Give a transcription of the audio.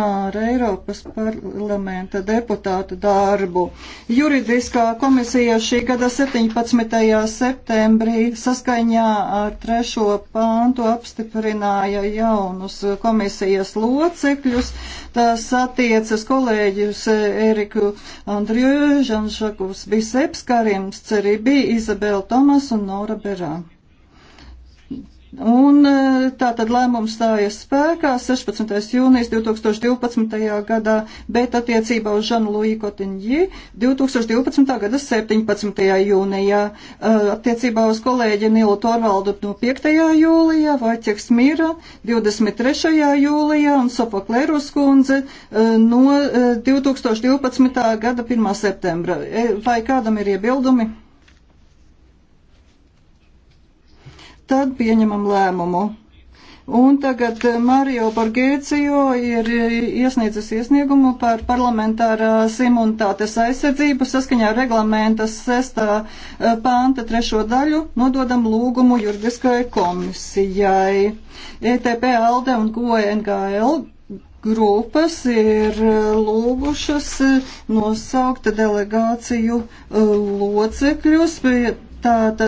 ar Eiropas parlamenta deputātu darbu. Juridiskā komisija šī gada 17. septembrī saskaņā ar trešo pāntu apstiprināja jaunus komisijas locekļus. Tas attiecas kolēģus Eriku Andriju, Žanšakus Biseps, Karims Ceribī, Izabela Tomas un Nora Berā. Un Tātad lēmums stājas spēkā 16. jūnijas 2012. gadā, bet attiecībā uz Žanu Luiju Kotiņģi 2012. gada 17. jūnijā, attiecībā uz kolēģi Nilu Torvaldu no 5. jūlijā, Vaķeks Mira 23. jūlijā un Sofoklērus kundze no 2012. gada 1. septembra. Vai kādam ir iebildumi? tad pieņemam lēmumu. Un tagad eh, Mario Borgēcijo ir eh, iesniedzis iesniegumu par parlamentārās imunitātes aizsardzību saskaņā ar reglamentas 6. Eh, pānta trešo daļu nododam lūgumu juridiskajai komisijai. ETP, ALDE un GONGL e grupas ir lūgušas nosaukt delegāciju locekļus. Tātad